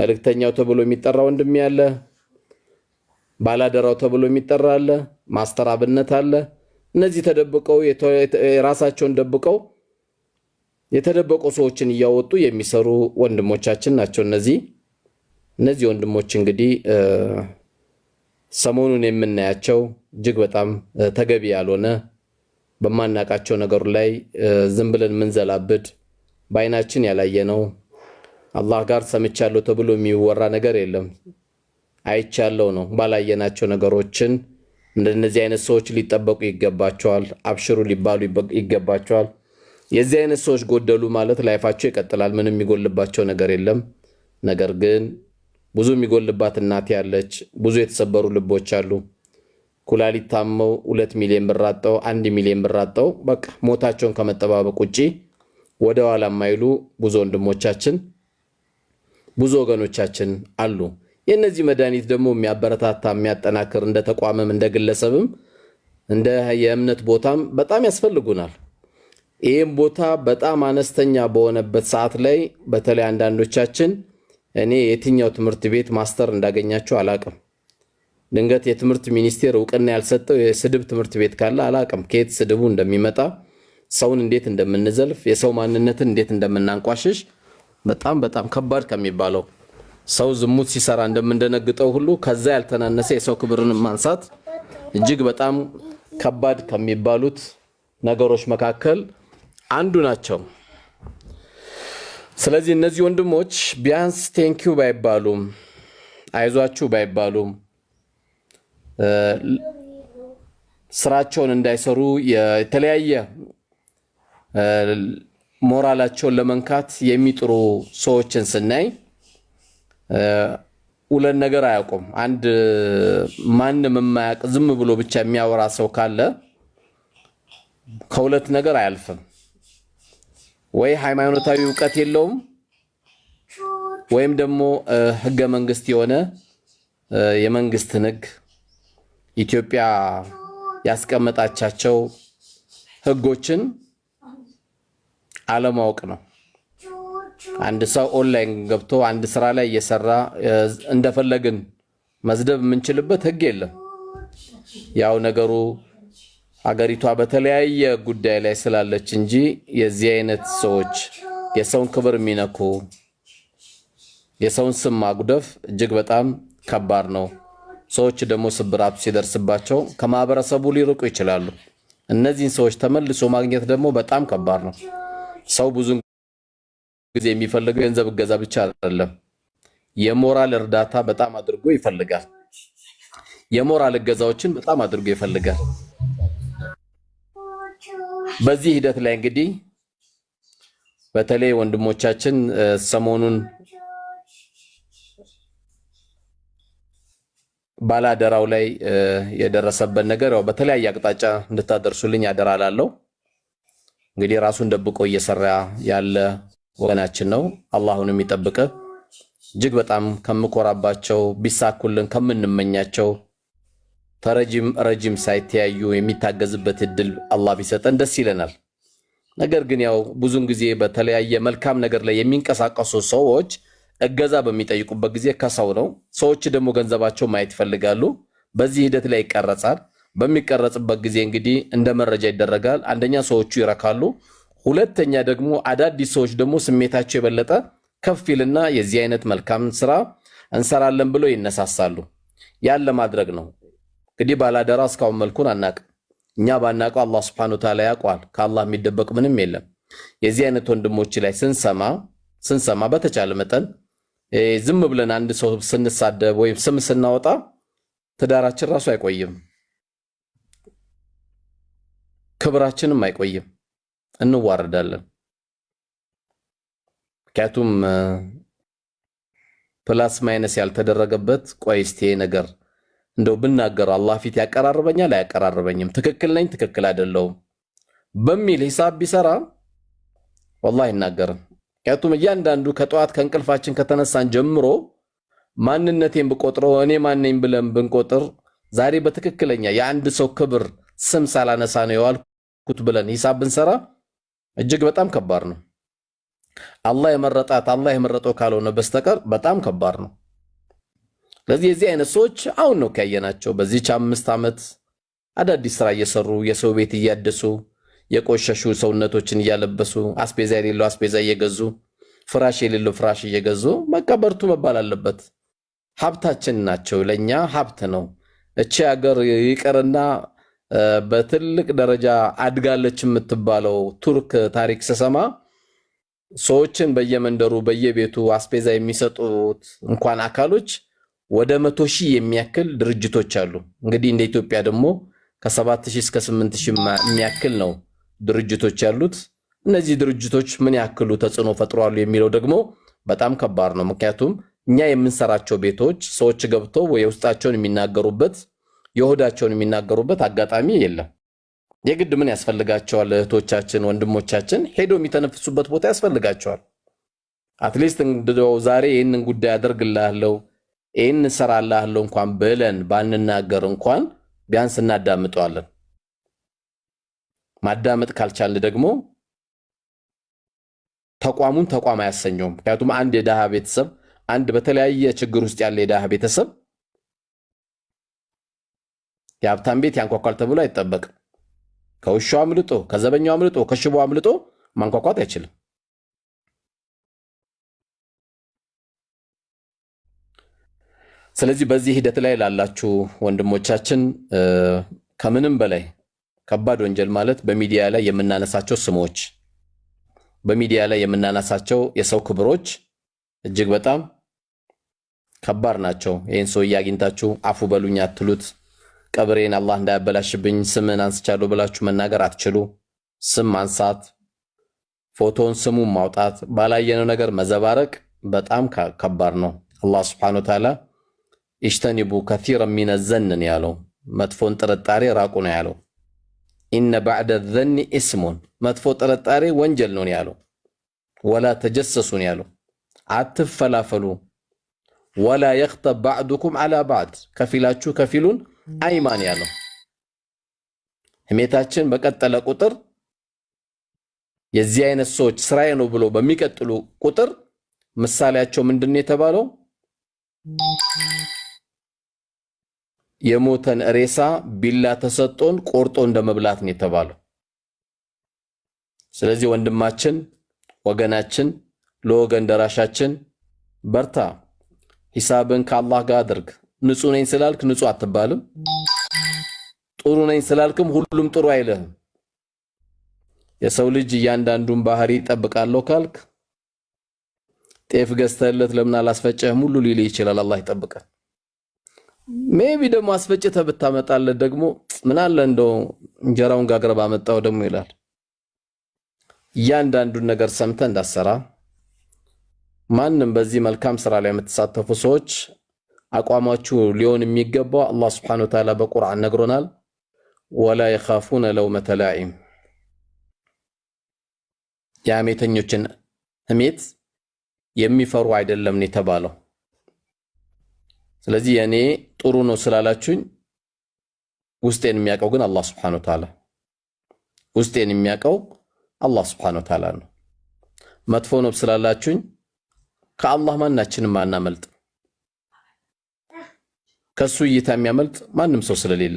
መልእክተኛው ተብሎ የሚጠራ ወንድሜ ያለ ባላደራው ተብሎ የሚጠራ አለ። ማስተር አብነት አለ። እነዚህ ተደብቀው የራሳቸውን ደብቀው የተደበቁ ሰዎችን እያወጡ የሚሰሩ ወንድሞቻችን ናቸው። እነዚህ እነዚህ ወንድሞች እንግዲህ ሰሞኑን የምናያቸው እጅግ በጣም ተገቢ ያልሆነ በማናቃቸው ነገሩ ላይ ዝም ብለን ምንዘላብድ በአይናችን ያላየነው አላህ ጋር ሰምቻለሁ ተብሎ የሚወራ ነገር የለም። አይቻለው ነው። ባላየናቸው ነገሮችን እንደነዚህ አይነት ሰዎች ሊጠበቁ ይገባቸዋል። አብሽሩ ሊባሉ ይገባቸዋል። የዚህ አይነት ሰዎች ጎደሉ ማለት ላይፋቸው ይቀጥላል። ምንም የሚጎልባቸው ነገር የለም። ነገር ግን ብዙ የሚጎልባት እናት ያለች፣ ብዙ የተሰበሩ ልቦች አሉ። ኩላሊት ታመው ሁለት ሚሊዮን ብር አጠው አንድ ሚሊዮን ብር አጠው በቃ ሞታቸውን ከመጠባበቅ ውጪ ወደኋላ የማይሉ ብዙ ወንድሞቻችን ብዙ ወገኖቻችን አሉ። የእነዚህ መድኃኒት ደግሞ የሚያበረታታ የሚያጠናክር እንደ ተቋምም እንደ ግለሰብም እንደ የእምነት ቦታም በጣም ያስፈልጉናል። ይህም ቦታ በጣም አነስተኛ በሆነበት ሰዓት ላይ በተለይ አንዳንዶቻችን እኔ የትኛው ትምህርት ቤት ማስተር እንዳገኛችሁ አላቅም። ድንገት የትምህርት ሚኒስቴር እውቅና ያልሰጠው የስድብ ትምህርት ቤት ካለ አላቅም፣ ከየት ስድቡ እንደሚመጣ ሰውን እንዴት እንደምንዘልፍ፣ የሰው ማንነትን እንዴት እንደምናንቋሽሽ በጣም በጣም ከባድ ከሚባለው ሰው ዝሙት ሲሰራ እንደምንደነግጠው ሁሉ ከዛ ያልተናነሰ የሰው ክብርን ማንሳት እጅግ በጣም ከባድ ከሚባሉት ነገሮች መካከል አንዱ ናቸው። ስለዚህ እነዚህ ወንድሞች ቢያንስ ቴንኪው ባይባሉም አይዟችሁ ባይባሉም ስራቸውን እንዳይሰሩ የተለያየ ሞራላቸውን ለመንካት የሚጥሩ ሰዎችን ስናይ ሁለት ነገር አያውቁም። አንድ ማንም የማያውቅ ዝም ብሎ ብቻ የሚያወራ ሰው ካለ ከሁለት ነገር አያልፍም። ወይ ሃይማኖታዊ እውቀት የለውም ወይም ደግሞ ህገ መንግስት የሆነ የመንግስትን ህግ ኢትዮጵያ ያስቀመጣቻቸው ህጎችን አለማወቅ ነው። አንድ ሰው ኦንላይን ገብቶ አንድ ስራ ላይ እየሰራ እንደፈለግን መዝደብ የምንችልበት ህግ የለም። ያው ነገሩ አገሪቷ በተለያየ ጉዳይ ላይ ስላለች እንጂ የዚህ አይነት ሰዎች የሰውን ክብር የሚነኩ የሰውን ስም ማጉደፍ እጅግ በጣም ከባድ ነው። ሰዎች ደግሞ ስብራቱ ሲደርስባቸው ከማህበረሰቡ ሊርቁ ይችላሉ። እነዚህን ሰዎች ተመልሶ ማግኘት ደግሞ በጣም ከባድ ነው። ሰው ብዙ ጊዜ የሚፈልገው የገንዘብ እገዛ ብቻ አይደለም፣ የሞራል እርዳታ በጣም አድርጎ ይፈልጋል። የሞራል እገዛዎችን በጣም አድርጎ ይፈልጋል። በዚህ ሂደት ላይ እንግዲህ በተለይ ወንድሞቻችን ሰሞኑን ባላደራው ላይ የደረሰበት ነገር ያው በተለያየ አቅጣጫ እንድታደርሱልኝ አደራ ላለው እንግዲህ ራሱን ደብቆ እየሰራ ያለ ወገናችን ነው። አላሁንም ይጠብቅ። እጅግ በጣም ከምኮራባቸው ቢሳኩልን ከምንመኛቸው ተረጅም ረጅም ሳይተያዩ የሚታገዝበት እድል አላህ ቢሰጠን ደስ ይለናል። ነገር ግን ያው ብዙን ጊዜ በተለያየ መልካም ነገር ላይ የሚንቀሳቀሱ ሰዎች እገዛ በሚጠይቁበት ጊዜ ከሰው ነው። ሰዎች ደግሞ ገንዘባቸው ማየት ይፈልጋሉ። በዚህ ሂደት ላይ ይቀረጻል። በሚቀረጽበት ጊዜ እንግዲህ እንደ መረጃ ይደረጋል። አንደኛ ሰዎቹ ይረካሉ፣ ሁለተኛ ደግሞ አዳዲስ ሰዎች ደግሞ ስሜታቸው የበለጠ ከፍ ይልና የዚህ አይነት መልካም ስራ እንሰራለን ብለው ይነሳሳሉ። ያን ለማድረግ ነው እንግዲህ ባላደራ እስካሁን መልኩን አናቅ እኛ ባናቀው አላህ ስብሐነሁ ወተዓላ ያውቀዋል። ከአላህ የሚደበቅ ምንም የለም። የዚህ አይነት ወንድሞች ላይ ስንሰማ ስንሰማ በተቻለ መጠን ዝም ብለን አንድ ሰው ስንሳደብ ወይም ስም ስናወጣ ትዳራችን ራሱ አይቆይም። ክብራችንም አይቆይም፣ እንዋረዳለን። ምክንያቱም ፕላስ ማይነስ ያልተደረገበት ቆይ እስቲ ነገር እንደው ብናገረው አላህ ፊት ያቀራርበኛል አያቀራርበኝም፣ ትክክል ነኝ ትክክል አይደለውም በሚል ሂሳብ ቢሰራ ወላሂ አይናገርም። ምክንያቱም እያንዳንዱ ከጠዋት ከእንቅልፋችን ከተነሳን ጀምሮ ማንነቴን ብቆጥረው እኔ ማነኝ ብለን ብንቆጥር ዛሬ በትክክለኛ የአንድ ሰው ክብር ስም ሳላነሳ ነው የዋልኩ ኩት ብለን ሂሳብ ብንሰራ እጅግ በጣም ከባድ ነው። አላህ የመረጣት አላህ የመረጠው ካልሆነ በስተቀር በጣም ከባድ ነው። ስለዚህ የዚህ አይነት ሰዎች አሁን ነው ከያየናቸው። በዚች አምስት ዓመት አዳዲስ ስራ እየሰሩ የሰው ቤት እያደሱ የቆሸሹ ሰውነቶችን እያለበሱ አስቤዛ የሌለው አስቤዛ እየገዙ ፍራሽ የሌለው ፍራሽ እየገዙ መቀበርቱ መባል አለበት። ሀብታችን ናቸው፣ ለእኛ ሀብት ነው። እቺ ሀገር ይቅርና በትልቅ ደረጃ አድጋለች የምትባለው ቱርክ ታሪክ ስሰማ ሰዎችን በየመንደሩ በየቤቱ አስፔዛ የሚሰጡት እንኳን አካሎች ወደ መቶ ሺህ የሚያክል ድርጅቶች አሉ። እንግዲህ እንደ ኢትዮጵያ ደግሞ ከሰባት ሺህ እስከ ስምንት ሺህ የሚያክል ነው ድርጅቶች ያሉት። እነዚህ ድርጅቶች ምን ያክሉ ተጽዕኖ ፈጥሯሉ የሚለው ደግሞ በጣም ከባድ ነው። ምክንያቱም እኛ የምንሰራቸው ቤቶች ሰዎች ገብተው የውስጣቸውን የሚናገሩበት የሆዳቸውን የሚናገሩበት አጋጣሚ የለም። የግድ ምን ያስፈልጋቸዋል? እህቶቻችን፣ ወንድሞቻችን ሄደው የሚተነፍሱበት ቦታ ያስፈልጋቸዋል። አትሊስት እንደው ዛሬ ይህንን ጉዳይ አደርግልሃለሁ፣ ይህን እሰራልሃለሁ እንኳን ብለን ባንናገር እንኳን ቢያንስ እናዳምጠዋለን። ማዳመጥ ካልቻለ ደግሞ ተቋሙን ተቋም አያሰኘውም። ምክንያቱም አንድ የድሃ ቤተሰብ አንድ በተለያየ ችግር ውስጥ ያለ የድሃ ቤተሰብ የሀብታም ቤት ያንኳኳል ተብሎ አይጠበቅም። ከውሻው አምልጦ፣ ከዘበኛው አምልጦ፣ ከሽቦ አምልጦ ማንኳኳት አይችልም። ስለዚህ በዚህ ሂደት ላይ ላላችሁ ወንድሞቻችን ከምንም በላይ ከባድ ወንጀል ማለት በሚዲያ ላይ የምናነሳቸው ስሞች፣ በሚዲያ ላይ የምናነሳቸው የሰው ክብሮች እጅግ በጣም ከባድ ናቸው። ይህን ሰውዬ እያግኝታችሁ አፉ በሉኝ አትሉት። ቀብሬን አላህ እንዳያበላሽብኝ ስምን አንስቻለሁ ብላችሁ መናገር አትችሉ። ስም ማንሳት፣ ፎቶን ስሙን ማውጣት፣ ባላየነው ነገር መዘባረቅ በጣም ከባድ ነው። አላህ ስብሓነ ወተዓላ ኢጅተኒቡ ከሲረ ሚነ ዘንን ያለው መጥፎን ጥርጣሬ ራቁ ነው ያለው። ኢነ ባዕደ ዘኒ ኢስሙን መጥፎ ጥርጣሬ ወንጀል ነው ያለው። ወላ ተጀሰሱን ያለው አትፈላፈሉ ወላ የኽጠብ ባዕዱኩም አላ ባዕድ ከፊላችሁ ከፊሉን አይማን ያለው ህሜታችን በቀጠለ ቁጥር የዚህ አይነት ሰዎች ስራዬ ነው ብሎ በሚቀጥሉ ቁጥር ምሳሌያቸው ምንድን ነው የተባለው? የሞተን ሬሳ ቢላ ተሰጦን ቆርጦ እንደ መብላት ነው የተባለው። ስለዚህ ወንድማችን፣ ወገናችን፣ ለወገን ደራሻችን በርታ። ሂሳብን ከአላህ ጋር አድርግ። ንጹህ ነኝ ስላልክ ንጹህ አትባልም። ጥሩ ነኝ ስላልክም ሁሉም ጥሩ አይልህም። የሰው ልጅ እያንዳንዱን ባህሪ ይጠብቃለሁ ካልክ ጤፍ ገዝተህለት ለምን አላስፈጨህም ሁሉ ሊል ይችላል። አላህ ይጠብቃል። ሜቢ ደግሞ አስፈጭተህ ብታመጣለት ደግሞ ምን አለ እንደው እንጀራውን ጋግረ ባመጣው ደግሞ ይላል። እያንዳንዱን ነገር ሰምተህ እንዳሰራ ማንም በዚህ መልካም ስራ ላይ የምትሳተፉ ሰዎች አቋማችሁ ሊሆን የሚገባው አላህ ስብሐነሁ ወተዓላ በቁርአን ነግሮናል። ወላ የኻፉነ ለውመተ ላኢም የሐሜተኞችን ህሜት የሚፈሩ አይደለም ነው የተባለው። ስለዚህ የእኔ ጥሩ ነው ስላላችሁኝ ውስጤን የሚያውቀው ግን አላህ ስብሐነሁ ወተዓላ ውስጤን የሚያውቀው አላህ ስብሐነሁ ወተዓላ ነው። መጥፎ ነው ስላላችሁኝ ከአላህ ማናችንም አናመልጥ። ከእሱ እይታ የሚያመልጥ ማንም ሰው ስለሌለ